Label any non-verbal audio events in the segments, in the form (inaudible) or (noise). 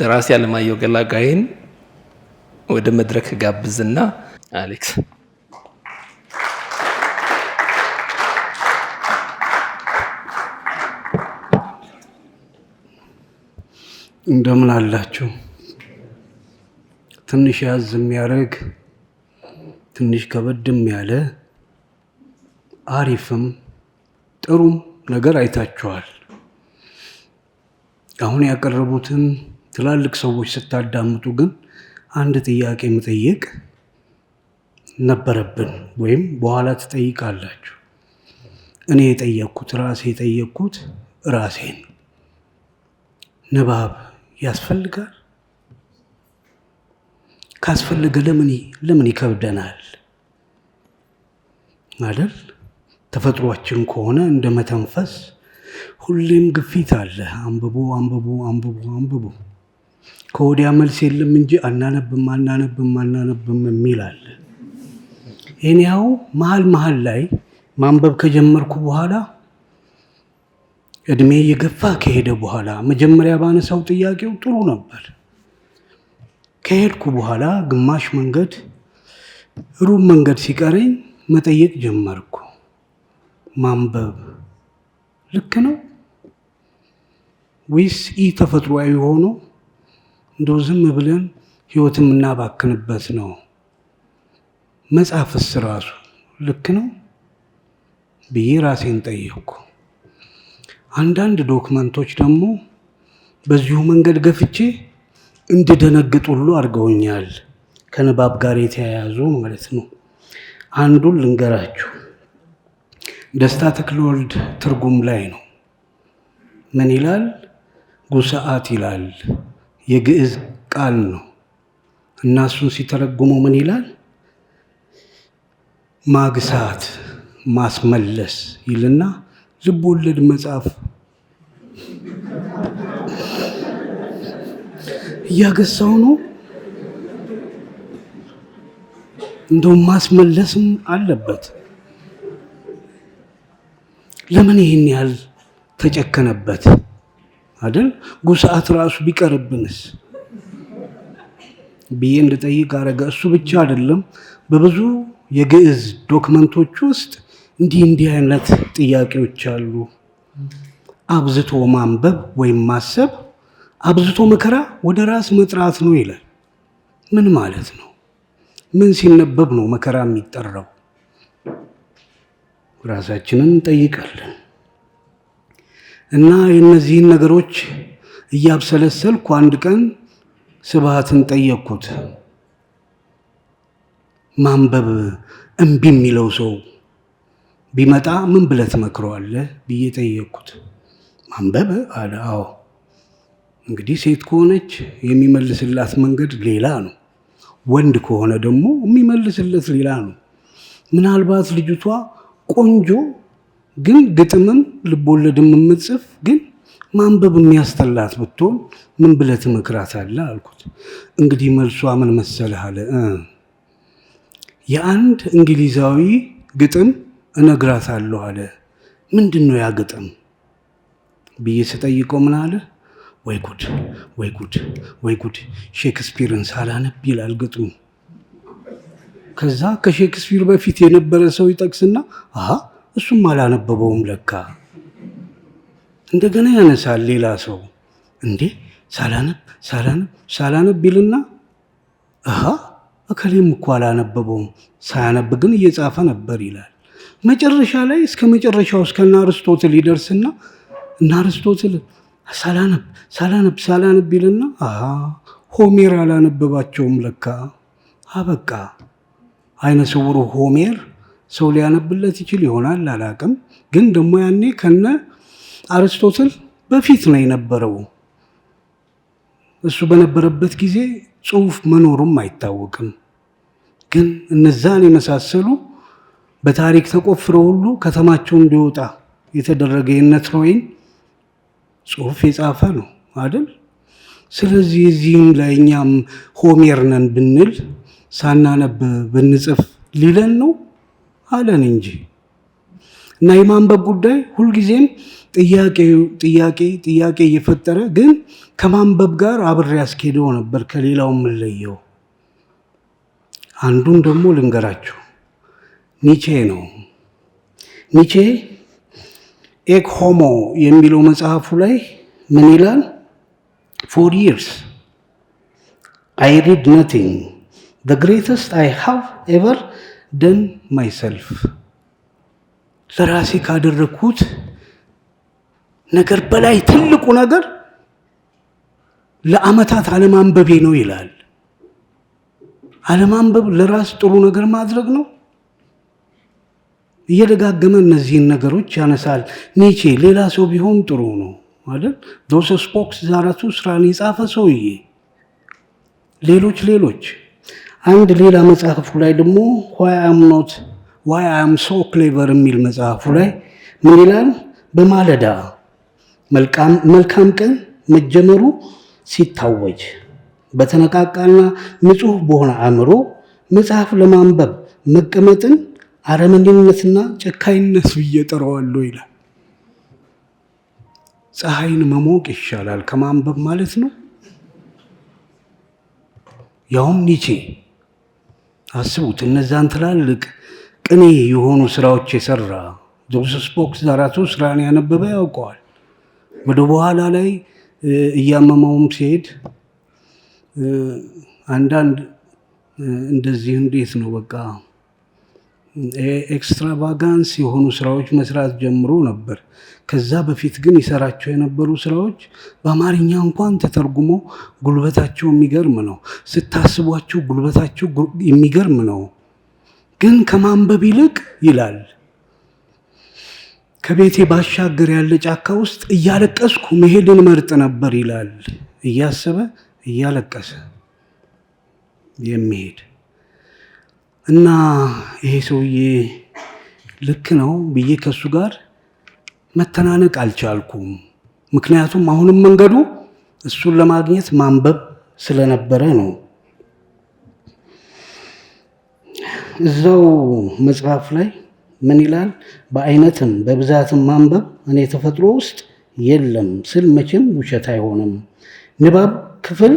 ደራሲ አለማየሁ ገላጋይን ወደ መድረክ ጋብዝና አሌክስ እንደምን አላችሁ? ትንሽ ያዝ የሚያደርግ ትንሽ ከበድም ያለ አሪፍም ጥሩም ነገር አይታችኋል። አሁን ያቀረቡትን ትላልቅ ሰዎች ስታዳምጡ ግን አንድ ጥያቄ መጠየቅ ነበረብን፣ ወይም በኋላ ትጠይቃላችሁ። እኔ የጠየቅኩት ራሴ የጠየቅኩት ራሴን ንባብ ያስፈልጋል? ካስፈለገ ለምን ለምን ይከብደናል? አይደል? ተፈጥሯችን ከሆነ እንደ መተንፈስ ሁሌም ግፊት አለ። አንብቡ፣ አንብቡ፣ አንብቡ፣ አንብቡ ከወዲያ መልስ የለም እንጂ አናነብም አናነብም አናነብም የሚል አለ። እኔ ያው መሀል መሀል ላይ ማንበብ ከጀመርኩ በኋላ እድሜ እየገፋ ከሄደ በኋላ መጀመሪያ ባነሳው ጥያቄው ጥሩ ነበር። ከሄድኩ በኋላ ግማሽ መንገድ ሩብ መንገድ ሲቀረኝ መጠየቅ ጀመርኩ። ማንበብ ልክ ነው ወይስ ይህ ተፈጥሯዊ ሆኖ እንደው ዝም ብለን ህይወት የምናባክንበት ነው። መጻፍስ ራሱ ልክ ነው ብዬ ራሴን ጠየቅኩ። አንዳንድ ዶክመንቶች ደግሞ በዚሁ መንገድ ገፍቼ እንድደነግጥ ሁሉ አድርገውኛል። ከንባብ ጋር የተያያዙ ማለት ነው። አንዱን ልንገራችሁ። ደስታ ተክለወልድ ትርጉም ላይ ነው። ምን ይላል? ጉሰዓት ይላል። የግዕዝ ቃል ነው እና እሱን ሲተረጉመው ምን ይላል? ማግሳት ማስመለስ ይልና ልብ ወለድ መጽሐፍ እያገሳው ነው። እንደውም ማስመለስም አለበት። ለምን ይህን ያህል ተጨከነበት? አይደል? ጉሳት ራሱ ቢቀርብንስ ብዬ እንድጠይቅ አረገ። እሱ ብቻ አይደለም፣ በብዙ የግዕዝ ዶክመንቶች ውስጥ እንዲህ እንዲህ አይነት ጥያቄዎች አሉ። አብዝቶ ማንበብ ወይም ማሰብ አብዝቶ መከራ ወደ ራስ መጥራት ነው ይላል። ምን ማለት ነው? ምን ሲነበብ ነው መከራ የሚጠራው? ራሳችንን እንጠይቃለን። እና የእነዚህን ነገሮች እያብሰለሰልኩ አንድ ቀን ስብሃትን ጠየቅኩት። ማንበብ እምቢ የሚለው ሰው ቢመጣ ምን ብለህ ትመክረዋለህ ብዬ ጠየቅኩት። ማንበብ አለ። አዎ እንግዲህ ሴት ከሆነች የሚመልስላት መንገድ ሌላ ነው። ወንድ ከሆነ ደግሞ የሚመልስለት ሌላ ነው። ምናልባት ልጅቷ ቆንጆ ግን ግጥምም ልቦለድም የምጽፍ ግን ማንበብ የሚያስጠላት ብትሆን ምን ብለህ ትመክራታለህ አልኩት። እንግዲህ መልሷ ምን መሰለህ አለ የአንድ እንግሊዛዊ ግጥም እነግራታለሁ አለ። ምንድን ነው ያ ግጥም ብዬ ስጠይቀው ምን አለ? ወይ ጉድ ወይ ጉድ ወይ ጉድ ሼክስፒርን ሳላነብ ይላል ግጥሙ። ከዛ ከሼክስፒር በፊት የነበረ ሰው ይጠቅስና እሱም አላነበበውም ለካ። እንደገና ያነሳል ሌላ ሰው እንዴ ሳላነብ ሳላነብ ሳላነብ ቢልና አሃ እከሌም እኮ አላነበበውም፣ ሳያነብ ግን እየጻፈ ነበር ይላል። መጨረሻ ላይ እስከ መጨረሻው እስከና አርስቶትል ይደርስና እና አርስቶትል ሳላነብ ሳላነብ ሳላነብ ቢልና አሃ ሆሜር አላነበባቸውም ለካ አበቃ። አይነ ስውሩ ሆሜር ሰው ሊያነብለት ይችል ይሆናል አላቅም። ግን ደግሞ ያኔ ከነ አርስቶትል በፊት ነው የነበረው። እሱ በነበረበት ጊዜ ጽሁፍ መኖሩም አይታወቅም። ግን እነዛን የመሳሰሉ በታሪክ ተቆፍረው ሁሉ ከተማቸው እንዲወጣ የተደረገ የነትሮይን ጽሁፍ የጻፈ ነው አይደል? ስለዚህ እዚህም ላይ እኛም ሆሜር ነን ብንል ሳናነብ ብንጽፍ ሊለን ነው። አለን እንጂ እና የማንበብ ጉዳይ ሁልጊዜም ጥያቄ ጥያቄ ጥያቄ እየፈጠረ ግን ከማንበብ ጋር አብሬ ያስኬደው ነበር ከሌላው የምንለየው። አንዱን ደግሞ ልንገራችሁ፣ ኒቼ ነው። ኒቼ ኤክ ሆሞ የሚለው መጽሐፉ ላይ ምን ይላል? ፎር ይርስ አይ ሪድ ነቲንግ ዘ ግሬተስት አይ ሃቭ ኤቨር ደን ማይሰልፍ ለራሴ ካደረግኩት ነገር በላይ ትልቁ ነገር ለአመታት አለማንበቤ ነው ይላል። አለማንበብ ለራስ ጥሩ ነገር ማድረግ ነው። እየደጋገመ እነዚህን ነገሮች ያነሳል ኒቼ። ሌላ ሰው ቢሆን ጥሩ ነው ማለት ዶሰ ስፖክስ ዛራቱ ስራን የጻፈ ሰውዬ ሌሎች ሌሎች አንድ ሌላ መጽሐፉ ላይ ደግሞ ዋይ አም ኖት ዋይ አም ሶ ክሌቨር የሚል መጽሐፉ ላይ ምን ይላል? በማለዳ መልካም ቀን መጀመሩ ሲታወጅ በተነቃቃና ንጹህ በሆነ አእምሮ መጽሐፍ ለማንበብ መቀመጥን አረመኔነትና ጨካኝነት ብዬ ጠራዋለሁ ይላል። ፀሐይን መሞቅ ይሻላል ከማንበብ ማለት ነው። ያውም ኒቼ አስቡት እነዛን ትላልቅ ቅኔ የሆኑ ስራዎች የሰራ ጆሴፍ ስፖክስ ዛራቱ ስራን ያነበበ ያውቀዋል። ወደ በኋላ ላይ እያመመውም ሲሄድ አንዳንድ እንደዚህ እንዴት ነው በቃ ኤክስትራቫጋንስ የሆኑ ስራዎች መስራት ጀምሮ ነበር። ከዛ በፊት ግን ይሰራቸው የነበሩ ስራዎች በአማርኛ እንኳን ተተርጉሞ ጉልበታቸው የሚገርም ነው። ስታስቧቸው ጉልበታቸው የሚገርም ነው። ግን ከማንበብ ይልቅ ይላል ከቤቴ ባሻገር ያለ ጫካ ውስጥ እያለቀስኩ መሄድን መርጥ ነበር ይላል። እያሰበ እያለቀሰ የሚሄድ እና ይሄ ሰውዬ ልክ ነው ብዬ ከሱ ጋር መተናነቅ አልቻልኩም። ምክንያቱም አሁንም መንገዱ እሱን ለማግኘት ማንበብ ስለነበረ ነው። እዛው መጽሐፍ ላይ ምን ይላል? በአይነትም በብዛትም ማንበብ እኔ ተፈጥሮ ውስጥ የለም ስል መቼም ውሸት አይሆንም። ንባብ ክፍል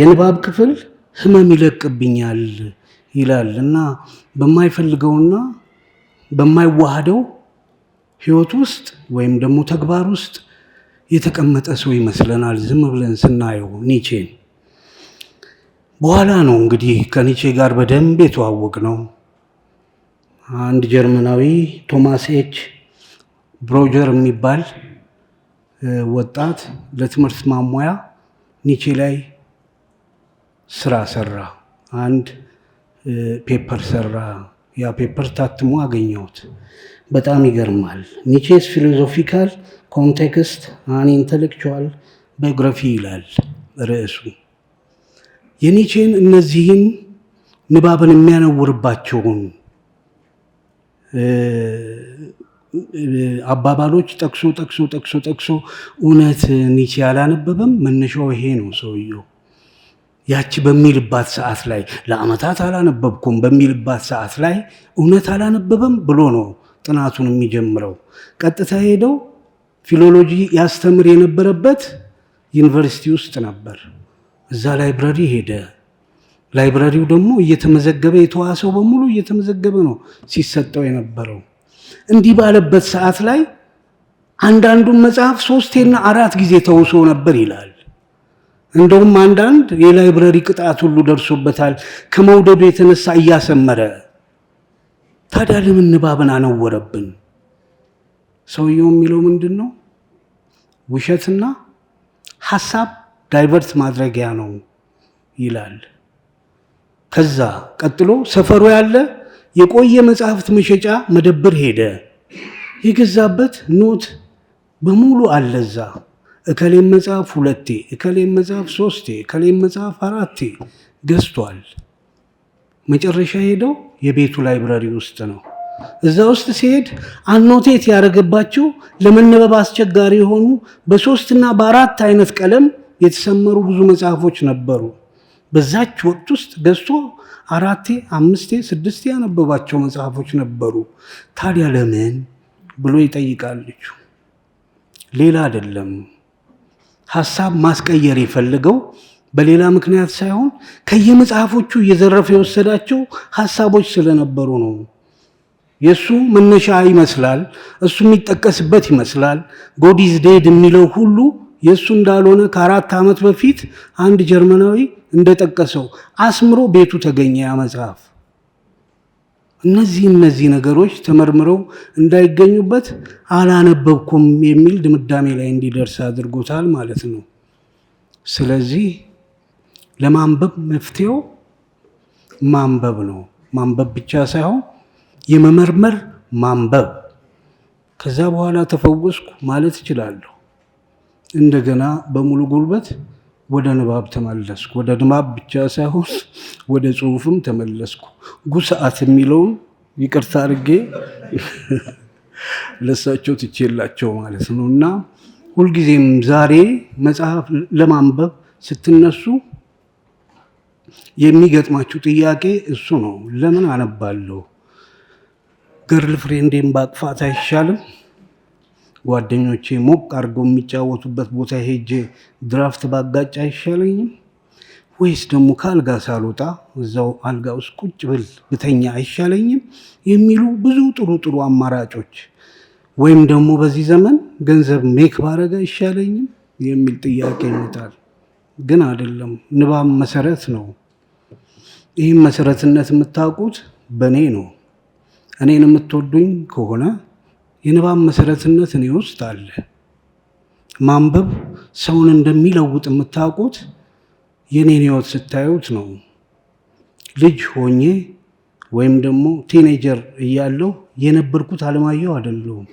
የንባብ ክፍል ህመም ይለቅብኛል ይላል እና በማይፈልገውና በማይዋሃደው ህይወት ውስጥ ወይም ደግሞ ተግባር ውስጥ የተቀመጠ ሰው ይመስለናል ዝም ብለን ስናየው ኒቼን። በኋላ ነው እንግዲህ ከኒቼ ጋር በደንብ የተዋወቅ ነው። አንድ ጀርመናዊ ቶማስ ኤች ብሮጀር የሚባል ወጣት ለትምህርት ማሟያ ኒቼ ላይ ስራ ሰራ። አንድ ፔፐር ሰራ። ያ ፔፐር ታትሞ አገኘሁት። በጣም ይገርማል። ኒቼስ ፊሎዞፊካል ኮንቴክስት አን ኢንተሌክቹዋል ባዮግራፊ ይላል ርዕሱ። የኒቼን እነዚህን ንባብን የሚያነውርባቸውን አባባሎች ጠቅሶ ጠቅሶ ጠቅሶ ጠቅሶ እውነት ኒቼ አላነበበም? መነሻው ይሄ ነው ሰውየው ያቺ በሚልባት ሰዓት ላይ ለአመታት አላነበብኩም በሚልባት ሰዓት ላይ እውነት አላነበበም ብሎ ነው ጥናቱን የሚጀምረው። ቀጥታ ሄደው ፊሎሎጂ ያስተምር የነበረበት ዩኒቨርሲቲ ውስጥ ነበር። እዛ ላይብራሪ ሄደ። ላይብራሪው ደግሞ እየተመዘገበ የተዋሰው በሙሉ እየተመዘገበ ነው ሲሰጠው የነበረው። እንዲህ ባለበት ሰዓት ላይ አንዳንዱን መጽሐፍ ሶስቴና አራት ጊዜ ተውሶ ነበር ይላል። እንደውም አንዳንድ የላይብረሪ ቅጣት ሁሉ ደርሶበታል ከመውደዱ የተነሳ እያሰመረ። ታዲያ ለምን ንባብን አነወረብን? ሰውየው የሚለው ምንድን ነው? ውሸትና ሀሳብ ዳይቨርት ማድረጊያ ነው ይላል። ከዛ ቀጥሎ ሰፈሩ ያለ የቆየ መጽሐፍት መሸጫ መደብር ሄደ። የገዛበት ኖት በሙሉ አለዛ እከሌም መጽሐፍ ሁለቴ እከሌም መጽሐፍ ሶስቴ እከሌም መጽሐፍ አራቴ ገዝቷል። መጨረሻ ሄደው የቤቱ ላይብራሪ ውስጥ ነው። እዛ ውስጥ ሲሄድ አኖቴት ያደረገባቸው ለመነበብ አስቸጋሪ የሆኑ በሶስትና በአራት አይነት ቀለም የተሰመሩ ብዙ መጽሐፎች ነበሩ። በዛች ወቅት ውስጥ ገዝቶ አራቴ አምስቴ ስድስቴ ያነበባቸው መጽሐፎች ነበሩ። ታዲያ ለምን ብሎ ይጠይቃል ልጁ። ሌላ አይደለም ሀሳብ ማስቀየር የፈለገው በሌላ ምክንያት ሳይሆን ከየመጽሐፎቹ እየዘረፈ የወሰዳቸው ሀሳቦች ስለነበሩ ነው። የእሱ መነሻ ይመስላል፣ እሱ የሚጠቀስበት ይመስላል። ጎዲዝ ዴድ የሚለው ሁሉ የእሱ እንዳልሆነ ከአራት ዓመት በፊት አንድ ጀርመናዊ እንደጠቀሰው አስምሮ ቤቱ ተገኘ ያ መጽሐፍ። እነዚህ እነዚህ ነገሮች ተመርምረው እንዳይገኙበት አላነበብኩም የሚል ድምዳሜ ላይ እንዲደርስ አድርጎታል ማለት ነው። ስለዚህ ለማንበብ መፍትሄው ማንበብ ነው። ማንበብ ብቻ ሳይሆን የመመርመር ማንበብ። ከዛ በኋላ ተፈወስኩ ማለት እችላለሁ። እንደገና በሙሉ ጉልበት ወደ ንባብ ተመለስኩ። ወደ ንባብ ብቻ ሳይሆን ወደ ጽሁፍም ተመለስኩ። ጉሰዓት የሚለውን ይቅርታ አድርጌ ለሳቸው ትቼላቸው ማለት ነው። እና ሁልጊዜም ዛሬ መጽሐፍ ለማንበብ ስትነሱ የሚገጥማችሁ ጥያቄ እሱ ነው። ለምን አነባለሁ? ገርል ፍሬንዴን ባቅፋት አይሻልም? ጓደኞቼ ሞቅ አድርገው የሚጫወቱበት ቦታ ሄጄ ድራፍት ባጋጭ አይሻለኝም? ወይስ ደግሞ ከአልጋ ሳልወጣ እዛው አልጋ ውስጥ ቁጭ ብል ብተኛ አይሻለኝም? የሚሉ ብዙ ጥሩ ጥሩ አማራጮች ወይም ደግሞ በዚህ ዘመን ገንዘብ ሜክ ባረገ አይሻለኝም የሚል ጥያቄ ይመጣል። ግን አይደለም፣ ንባብ መሰረት ነው። ይህም መሰረትነት የምታውቁት በእኔ ነው። እኔን የምትወዱኝ ከሆነ የንባብ መሰረትነት እኔ ውስጥ አለ። ማንበብ ሰውን እንደሚለውጥ የምታውቁት የኔን ህይወት ስታዩት ነው። ልጅ ሆኜ ወይም ደግሞ ቲኔጀር እያለሁ የነበርኩት አለማየሁ አይደለሁም።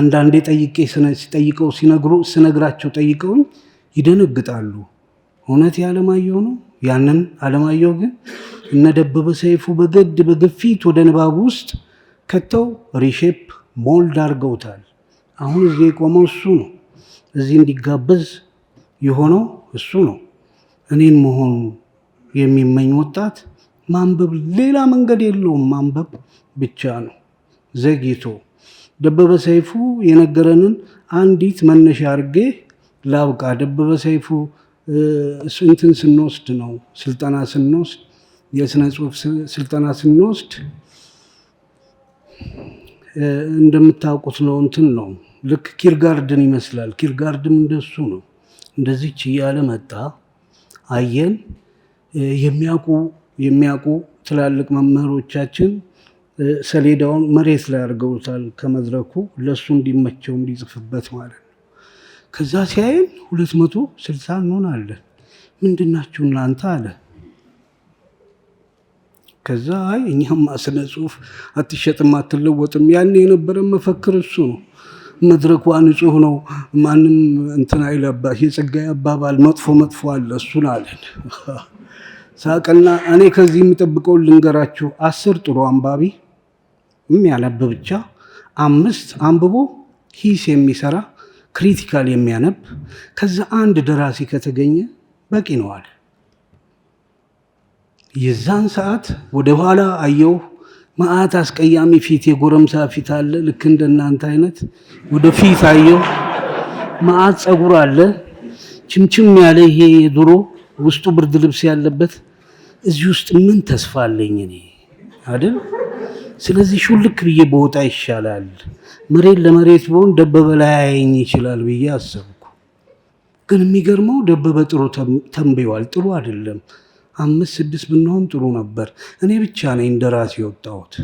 አንዳንዴ ጠይቄ ሲጠይቀው ሲነግሩ ስነግራቸው ጠይቀውኝ ይደነግጣሉ። እውነት የአለማየሁ ነው? ያንን አለማየሁ ግን እነ ደበበ ሰይፉ በገድ በግፊት ወደ ንባብ ውስጥ ከተው ሪሼፕ ሞልድ አድርገውታል። አሁን እዚህ የቆመው እሱ ነው። እዚህ እንዲጋበዝ የሆነው እሱ ነው። እኔን መሆኑ የሚመኝ ወጣት ማንበብ ሌላ መንገድ የለውም፣ ማንበብ ብቻ ነው። ዘግይቶ ደበበ ሰይፉ የነገረንን አንዲት መነሻ አድርጌ ላብቃ። ደበበ ሰይፉ እንትን ስንወስድ ነው ስልጠና ስንወስድ የስነ ጽሁፍ ስልጠና ስንወስድ እንደምታውቁት ነው እንትን ነው ልክ ኪርጋርድን ይመስላል። ኪርጋርድም እንደሱ ነው። እንደዚች እያለ መጣ። አየን የሚያውቁ የሚያውቁ ትላልቅ መምህሮቻችን ሰሌዳውን መሬት ላይ አድርገውታል ከመድረኩ ለእሱ እንዲመቸው እንዲጽፍበት ማለት ነው። ከዛ ሲያየን ሁለት መቶ ስልሳ እንሆናለን። ምንድናችሁ እናንተ አለ ከዛ እኛማ ስነ ጽሁፍ አትሸጥም አትለወጥም። ያኔ የነበረ መፈክር እሱ ነው። መድረኳ ንጹህ ነው፣ ማንም እንትን አይለባሽ። የጸጋይ አባባል መጥፎ መጥፎ አለ፣ እሱን አለን (laughs) ሳቀና እኔ ከዚህ የሚጠብቀው ልንገራችሁ። አስር ጥሩ አንባቢ የሚያነብ ብቻ፣ አምስት አንብቦ ሂስ የሚሰራ ክሪቲካል የሚያነብ፣ ከዛ አንድ ደራሲ ከተገኘ በቂ ነዋል። የዛን ሰዓት ወደ ኋላ አየው መዓት አስቀያሚ ፊት፣ የጎረምሳ ፊት አለ፣ ልክ እንደ እናንተ አይነት። ወደ ፊት አየሁ። መዓት ፀጉር አለ፣ ችምችም ያለ ይሄ የድሮ ውስጡ ብርድ ልብስ ያለበት። እዚህ ውስጥ ምን ተስፋ አለኝ እኔ አይደል? ስለዚህ ሹልክ ብዬ በወጣ ይሻላል፣ መሬት ለመሬት በሆን ደበበ ላያየኝ ይችላል ብዬ አሰብኩ። ግን የሚገርመው ደበበ ጥሩ ተንብዋል ጥሩ አይደለም አምስት ስድስት ብንሆን ጥሩ ነበር። እኔ ብቻ ነኝ እንደ ራሴ የወጣሁት።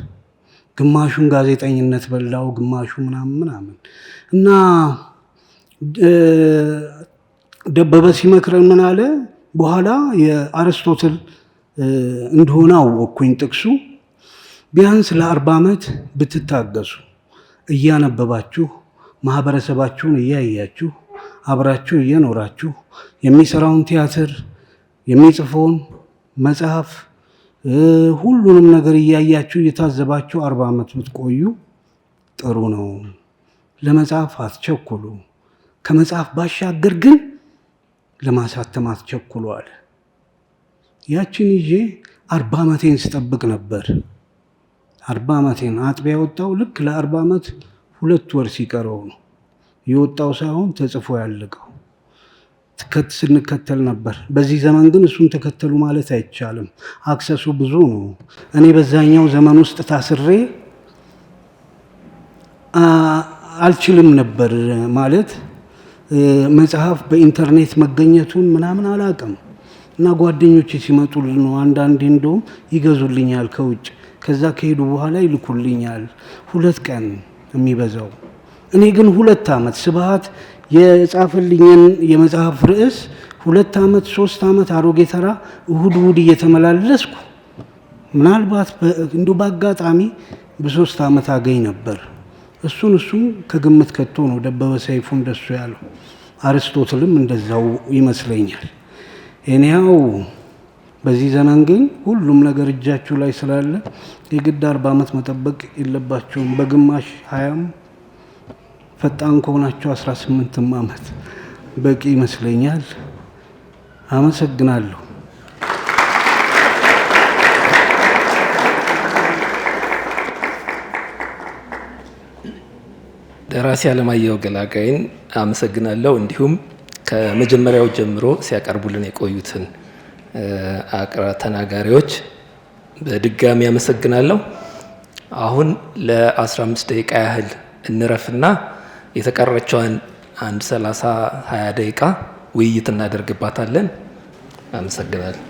ግማሹን ጋዜጠኝነት በላው፣ ግማሹ ምናምን ምናምን እና ደበበ ሲመክረን ምን አለ በኋላ የአርስቶትል እንደሆነ አወቅኩኝ ጥቅሱ ቢያንስ ለአርባ ዓመት ብትታገሱ እያነበባችሁ ማህበረሰባችሁን እያያችሁ አብራችሁ እየኖራችሁ የሚሰራውን ቲያትር የሚጽፈውን መጽሐፍ ሁሉንም ነገር እያያችሁ እየታዘባችሁ አርባ ዓመት ብትቆዩ ጥሩ ነው። ለመጽሐፍ አትቸኩሉ። ከመጽሐፍ ባሻገር ግን ለማሳተም አትቸኩሉ አለ። ያችን ይዤ አርባ ዓመቴን ስጠብቅ ነበር። አርባ ዓመቴን አጥቢያ የወጣው ልክ ለአርባ ዓመት ሁለት ወር ሲቀረው ነው የወጣው ሳይሆን ተጽፎ ያለቀው ስንከተል ነበር። በዚህ ዘመን ግን እሱን ተከተሉ ማለት አይቻልም። አክሰሱ ብዙ ነው። እኔ በዛኛው ዘመን ውስጥ ታስሬ አልችልም ነበር ማለት መጽሐፍ በኢንተርኔት መገኘቱን ምናምን አላውቅም እና ጓደኞች ሲመጡል ነው አንዳንዴ እንደውም ይገዙልኛል ከውጭ ከዛ ከሄዱ በኋላ ይልኩልኛል ሁለት ቀን የሚበዛው እኔ ግን ሁለት ዓመት ስብሃት የጻፈልኝን የመጽሐፍ ርዕስ ሁለት ዓመት ሶስት ዓመት አሮጌ ተራ እሁድ እሁድ እየተመላለስኩ ምናልባት እንዲ በአጋጣሚ በሶስት ዓመት አገኝ ነበር። እሱን እሱም ከግምት ከቶ ነው ደበበ ሰይፉ እንደሱ ያለው። አርስቶትልም እንደዛው ይመስለኛል። እኔያው በዚህ ዘመን ግን ሁሉም ነገር እጃችሁ ላይ ስላለ የግድ አርባ ዓመት መጠበቅ የለባቸውም። በግማሽ ሀያም ፈጣን ከሆናቸው 18ም ዓመት በቂ ይመስለኛል። አመሰግናለሁ። ደራሲ አለማየሁ ገላጋይን አመሰግናለሁ። እንዲሁም ከመጀመሪያው ጀምሮ ሲያቀርቡልን የቆዩትን አቅራ ተናጋሪዎች በድጋሚ አመሰግናለሁ። አሁን ለ15 ደቂቃ ያህል እንረፍና የተቀረችዋን አንድ ሰላሳ ሀያ ደቂቃ ውይይት እናደርግባታለን። አመሰግናለሁ።